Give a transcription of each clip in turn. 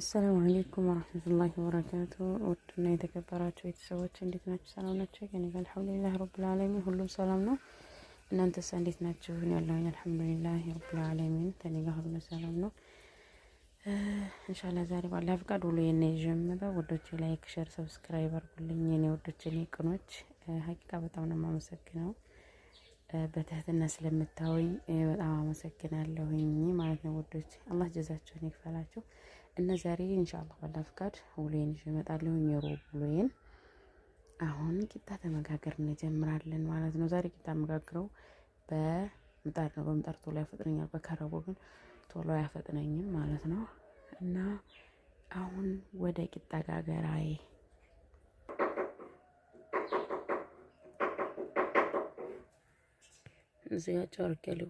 አሰላሙ አለይኩም ወረህመቱላሂ ወበረካቱ። ውድና የተከበራችሁ ቤተሰቦች እንዴት ናችሁ? ሰላም ናቸው? እኔ ጋር አልሐምዱሊላህ ረብል ዓለሚን ሁሉም ሰላም ነው። እናንተስ እንዴት ናችሁ? እኔ አለሁኝ አልሐምዱሊላህ ረብል ዓለሚን ከእኔ ጋር ሁሉም ሰላም ነው። እንሻላ ዛሬ ባለ ፍቃድ ውሎ የነ የጀመረው ወዶች ላይክ፣ ሸር፣ ሰብስክራይብ አድርጉልኝ የኔ ወዶች፣ የኔ ቅኖች ሀቂቃ በጣም ነው የማመሰግነው በትህትና ስለምታወኝ በጣም አመሰግናለሁኝ ማለት ነው። ወዶች አላህ ጀዛችሁን ይክፈላችሁ። እና ዛሬ ኢንሻአላህ ባላ ፍቃድ ውሎዬን ይዤ እመጣለሁ። የሮብ ውሎዬን አሁን ቂጣ ተመጋገር እንጀምራለን ማለት ነው። ዛሬ ቂጣ መጋግረው በምጣድ ነው። በምጣድ ቶሎ ያፈጥነኛል፣ በከረቦ ግን ቶሎ አያፈጥነኝም ማለት ነው። እና አሁን ወደ ቂጣ ጋገራዬ እዚያ ጨርቅ ያለ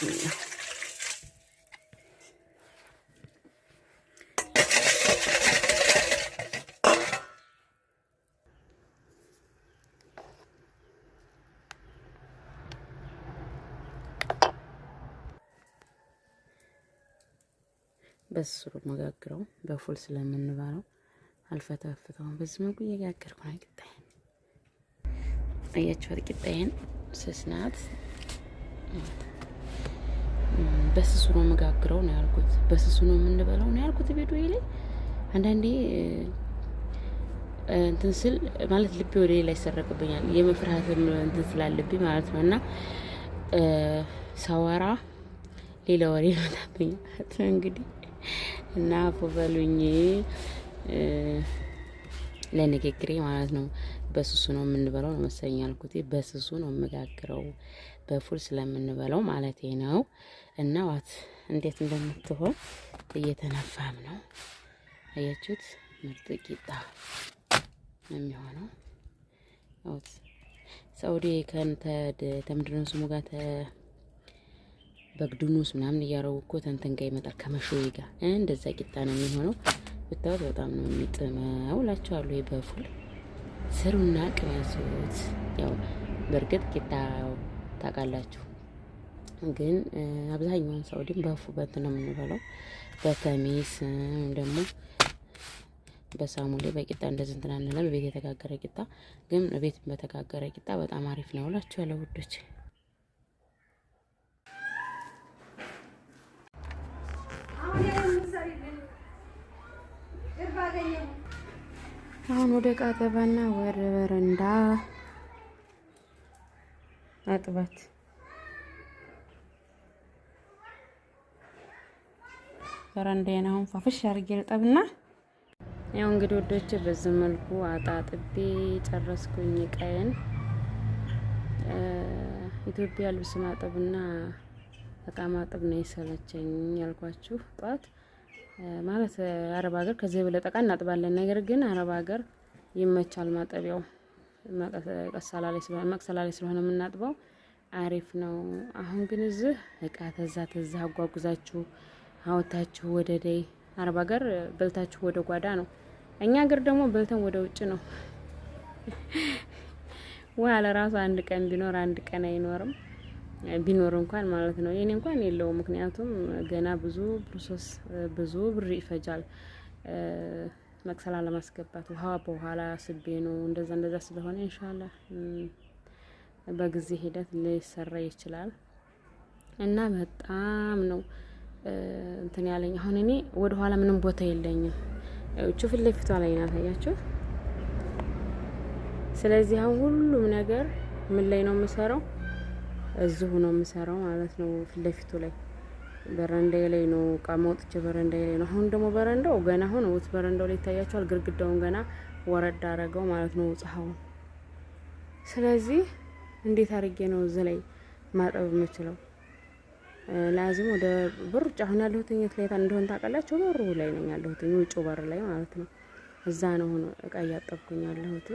bismillah በስሩ መጋግረው በፉል ስለምንባለው አልፈተፍተውም። በዚህ መልኩ እየጋገርኩ ነው። ቂጣዬን አያችኋት። ቂጣዬን ስስናት በስሱ ነው መጋግረው ነው ያልኩት። በስሱ ነው የምንበላው ነው ያልኩት። ቤዱ ላይ አንዳንዴ እንትን ስል ማለት ልቤ ወደ ሌላ ይሰረቅብኛል የመፍርሀት እንትን ስላለብኝ ማለት ነው። እና ሳወራ ሌላ ወሬ ይመጣብኛል እንግዲህ እና ፎበሉኝ ለንግግሬ ማለት ነው። በስሱ ነው የምንበላው ነው መሰለኝ ያልኩት። በስሱ ነው የምጋግረው በፉል ስለምንበለው ማለት ነው። እና ዋት እንዴት እንደምትሆን እየተነፋም ነው። አያችሁት? ምርጥ ቂጣ የሚሆነው ሳውዲ ከምንድነው ስሙ ጋር በግድኑስ ምናምን እያረጉ እኮ ተንተን ጋር ይመጣል ከመሾይ ጋር እንደዛ ቂጣ ነው የሚሆነው። ብታወት በጣም ነው የሚጥመው እላችኋለሁ። ይሄ በፉል ስሩና ቅመሱት። ያው በእርግጥ ቂጣ ታውቃላችሁ። ግን አብዛኛውን ሳውዲን በፉበት ነው የምንበላው፣ በተሚስ ደግሞ በሳሙሌ በቂጣ እንደዚህ እንትን አንለም። ቤት የተጋገረ ቂጣ ግን ቤት በተጋገረ ቂጣ በጣም አሪፍ ነው እላችሁ ያለ ውዶች። አሁን ወደ ቃጠባና ወደ በረንዳ አጥባት። በረንዳዬን አሁን ፏፍሽ አድርጌ ልጠብና ያው እንግዲህ ወዶች በዚህ መልኩ አጣጥቤ ጨረስኩኝ። ቀይን ኢትዮጵያ ልብስ ማጠብና እቃ ማጠብ ነው የሰለቸኝ ያልኳችሁ ጧት ማለት አረብ ሀገር ከዚህ በለጠ እቃ እናጥባለን። ነገር ግን አረብ ሀገር ይመቻል ማጠቢያው። መቅሰላ ላይ ስለሆነ የምናጥበው አሪፍ ነው። አሁን ግን እዚህ እቃ ተዛ ተዛ አጓጉዛችሁ አወታችሁ ወደ ደይ አረብ ሀገር በልታችሁ ወደ ጓዳ ነው። እኛ ሀገር ደግሞ በልተን ወደ ውጭ ነው። ውሃ ለራሱ አንድ ቀን ቢኖር አንድ ቀን አይኖርም። ቢኖር እንኳን ማለት ነው። የኔ እንኳን የለውም። ምክንያቱም ገና ብዙ ፕሮሰስ ብዙ ብር ይፈጃል። መቅሰላ ለማስገባት ውሃ በኋላ ስቤ ነው እንደዛ እንደዛ ስለሆነ ኢንሻአላህ በጊዜ ሂደት ሊሰራ ይችላል እና በጣም ነው እንትን ያለኝ። አሁን እኔ ወደ ኋላ ምንም ቦታ የለኝም። እቹ ፊት ለፊቷ ላይ ናት፣ አያችሁ። ስለዚህ አሁን ሁሉም ነገር ምን ላይ ነው የምሰራው? እዚሁ ነው የምሰራው ማለት ነው፣ ፊት ለፊቱ ላይ በረንዳ ላይ ነው እቃ መውጥቼ በረንዳ ላይ ነው። አሁን ደግሞ በረንዳው ገና አሁን ውት በረንዳው ላይ ይታያቸዋል። ግድግዳውን ገና ወረድ አረገው ማለት ነው ጽሀውን። ስለዚህ እንዴት አድርጌ ነው እዚህ ላይ ማጠብ የምችለው? ላዚም ወደ በሩጭ አሁን ያለሁት የት ላይ እንደሆነ ታውቃላችሁ? በሩ ላይ ነኝ ያለሁት ውጭ በር ላይ ማለት ነው። እዛ ነው አሁን እቃ እያጠብኩኝ ያለሁት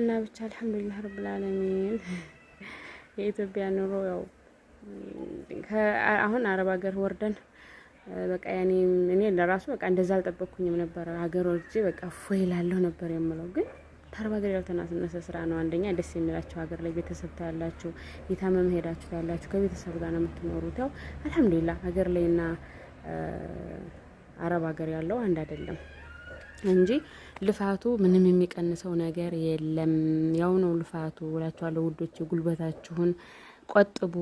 እና ብቻ አልሐምዱሊላህ ረብል ዓለሚን የኢትዮጵያ ኑሮ ያው አሁን አረብ ሀገር ወርደን በቃ ያኔ እኔ ለራሱ በቃ እንደዛ አልጠበቅኩኝም ነበር። ሀገር ወርጄ በቃ ፎይ እላለሁ ነበር የምለው ግን ተርባ ገር ያልተናነሰ ስራ ነው። አንደኛ ደስ የሚላቸው ሀገር ላይ ቤተሰብ ታያላችሁ፣ የታመመ ሄዳችሁ ታያላችሁ፣ ከቤተሰብ ጋር ነው የምትኖሩት። ያው አልሐምዱሊላ ሀገር ላይ ና አረብ ሀገር ያለው አንድ አይደለም እንጂ ልፋቱ ምንም የሚቀንሰው ነገር የለም። ያው ነው ልፋቱ እላችኋለሁ ውዶች። ጉልበታችሁን ቆጥቡ።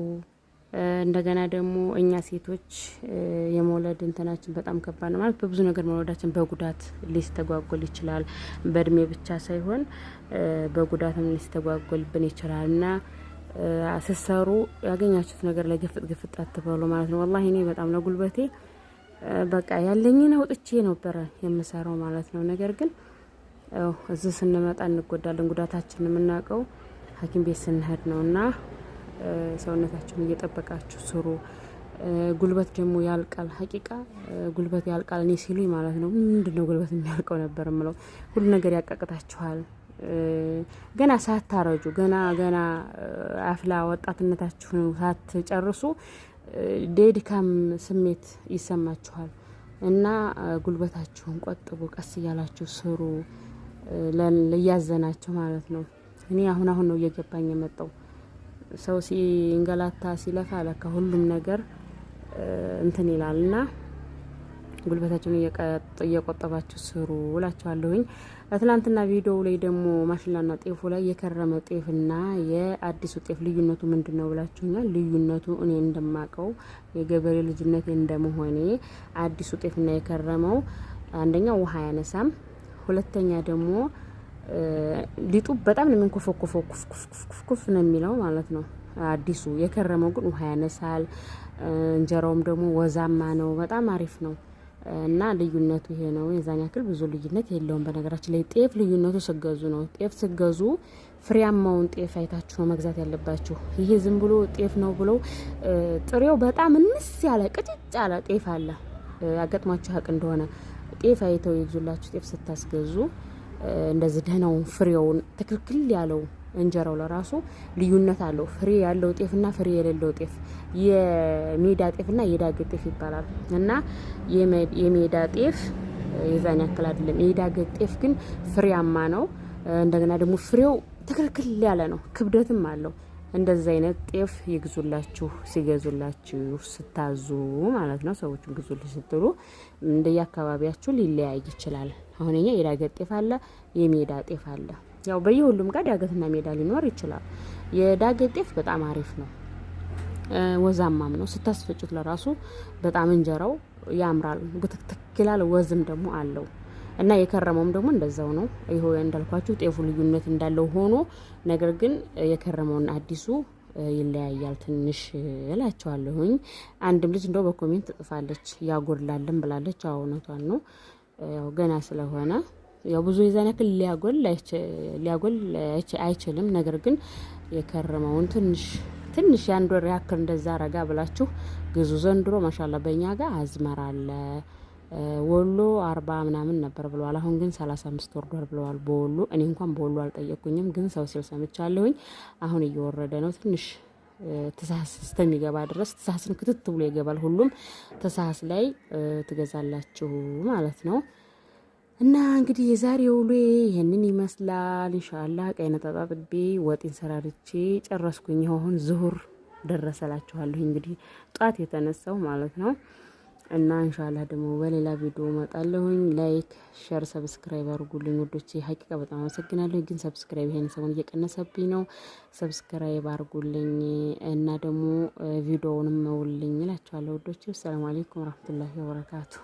እንደገና ደግሞ እኛ ሴቶች የመውለድ እንትናችን በጣም ከባድ ነው። ማለት በብዙ ነገር መውለዳችን በጉዳት ሊስተጓጎል ይችላል። በእድሜ ብቻ ሳይሆን በጉዳትም ሊስተጓጎልብን ይችላል እና ስሰሩ ያገኛችሁት ነገር ላይ ግፍጥ ግፍጥ አትበሉ ማለት ነው። ወላሂ እኔ በጣም ለጉልበቴ በቃ ያለኝን አውጥቼ ነበረ የምሰራው ማለት ነው። ነገር ግን እዚህ ስንመጣ እንጎዳለን። ጉዳታችን የምናውቀው ሐኪም ቤት ስንሄድ ነው እና ሰውነታችሁን እየጠበቃችሁ ስሩ። ጉልበት ደግሞ ያልቃል። ሀቂቃ ጉልበት ያልቃል። እኔ ሲሉኝ ማለት ነው ምንድን ነው ጉልበት የሚያልቀው ነበር ምለው። ሁሉ ነገር ያቃቅታችኋል። ገና ሳታረጁ ገና ገና አፍላ ወጣትነታችሁን ሳትጨርሱ ደድካም ስሜት ይሰማችኋል እና ጉልበታችሁን ቆጥቡ። ቀስ እያላችሁ ስሩ። ለያዘናችሁ ማለት ነው። እኔ አሁን አሁን ነው እየገባኝ የመጣው ሰው ሲንገላታ ሲለፋ ለካ ሁሉም ነገር እንትን ና ጉልበታችሁን እየቆጠባችሁ ስሩ እላችኋለሁኝ። ትናንትና ቪዲዮው ላይ ደግሞ ማሽላና ጤፉ ላይ የከረመ ጤፍና የአዲሱ ጤፍ ልዩነቱ ምንድን ነው ብላችሁኛል። ልዩነቱ እኔ እንደማቀው የገበሬ ልጅነት እንደመሆኔ አዲሱ ጤፍና የከረመው አንደኛው ውሃ አያነሳም፣ ሁለተኛ ደግሞ ሊጡ በጣም ነው የሚንኮፈኮፈው። ነው የሚለው ማለት ነው። አዲሱ የከረመው ግን ውሃ ያነሳል። እንጀራውም ደግሞ ወዛማ ነው። በጣም አሪፍ ነው እና ልዩነቱ ይሄ ነው። የዛን ያክል ብዙ ልዩነት የለውም። በነገራችን ላይ ጤፍ ልዩነቱ ስገዙ ነው። ጤፍ ስገዙ ፍሬያማውን ጤፍ አይታችሁ ነው መግዛት ያለባችሁ። ይሄ ዝም ብሎ ጤፍ ነው ብሎ ጥሬው በጣም እንስ ያለ ቅጭጭ ያለ ጤፍ አለ። አጋጥሟችሁ ሀቅ እንደሆነ ጤፍ አይተው ይዙላችሁ ጤፍ ስታስገዙ እንደዚህ ደህናውን ፍሬውን ትክክል ያለው እንጀራው ለራሱ ልዩነት አለው። ፍሬ ያለው ጤፍና ፍሬ የሌለው ጤፍ፣ የሜዳ ጤፍና የዳጌ ጤፍ ይባላል እና የሜዳ ጤፍ የዛን ያክል አይደለም። የዳጌ ጤፍ ግን ፍሬያማ ነው። እንደገና ደግሞ ፍሬው ትክክል ያለ ነው፣ ክብደትም አለው። እንደዚህ አይነት ጤፍ ይግዙላችሁ። ሲገዙላችሁ ስታዙ ማለት ነው። ሰዎቹን ግዙልኝ ስትሉ አካባቢያችሁ ሊለያይ ይችላል። አሁን ኛ የዳገት ጤፍ አለ፣ የሜዳ ጤፍ አለ። ያው በየሁሉም ጋር ዳገትና ሜዳ ሊኖር ይችላል። የዳገት ጤፍ በጣም አሪፍ ነው፣ ወዛማም ነው። ስታስፈጩት ለራሱ በጣም እንጀራው ያምራል፣ ብትክትክ ይላል። ወዝም ደግሞ አለው። እና የከረመውም ደግሞ እንደዛው ነው። ይኸው እንዳልኳችሁ ጤፉ ልዩነት እንዳለው ሆኖ ነገር ግን የከረመውና አዲሱ ይለያያል ትንሽ እላቸዋለሁኝ። አንድም ልጅ እንደው በኮሜንት ትጽፋለች ያጎድላልን ብላለች። አዎ እውነቷን ነው። ያው ገና ስለሆነ ያው ብዙ የዛን ያክል ሊያጎል አይችልም። ነገር ግን የከረመውን ትንሽ ትንሽ የአንድ ወር ያክል እንደዛ ረጋ ብላችሁ ግዙ። ዘንድሮ ማሻላ በእኛ ጋር አዝመራ አለ ወሎ አርባ ምናምን ነበር ብለዋል። አሁን ግን ሰላሳ አምስት ወርዷል ብለዋል በወሎ እኔ እንኳን በወሎ አልጠየቅኩኝም፣ ግን ሰው ሲል ሰምቻለሁኝ። አሁን እየወረደ ነው ትንሽ ትሳስ እስከሚገባ ድረስ ትሳስን ክትት ብሎ ይገባል። ሁሉም ትሳስ ላይ ትገዛላችሁ ማለት ነው። እና እንግዲህ የዛሬ ውሎ ይህንን ይመስላል። እንሻላ ቀይ ነጠጣጥቤ ወጤን ሰራርቼ ጨረስኩኝ። አሁን ዙሁር ደረሰላችኋለሁ። እንግዲህ ጧት የተነሳው ማለት ነው። እና እንሻላ ደግሞ በሌላ ቪዲዮ እመጣለሁኝ። ላይክ፣ ሸር፣ ሰብስክራይብ አድርጉልኝ ውዶች። ሀቂቃ በጣም አመሰግናለሁ። ግን ሰብስክራይብ ይሄን ሰሞን እየቀነሰብኝ ነው። ሰብስክራይብ አድርጉልኝ እና ደግሞ ቪዲዮውንም መውልኝ እላችኋለሁ ውዶች። ሰላም አሌይኩም ረህመቱላሂ ወበረካቱ።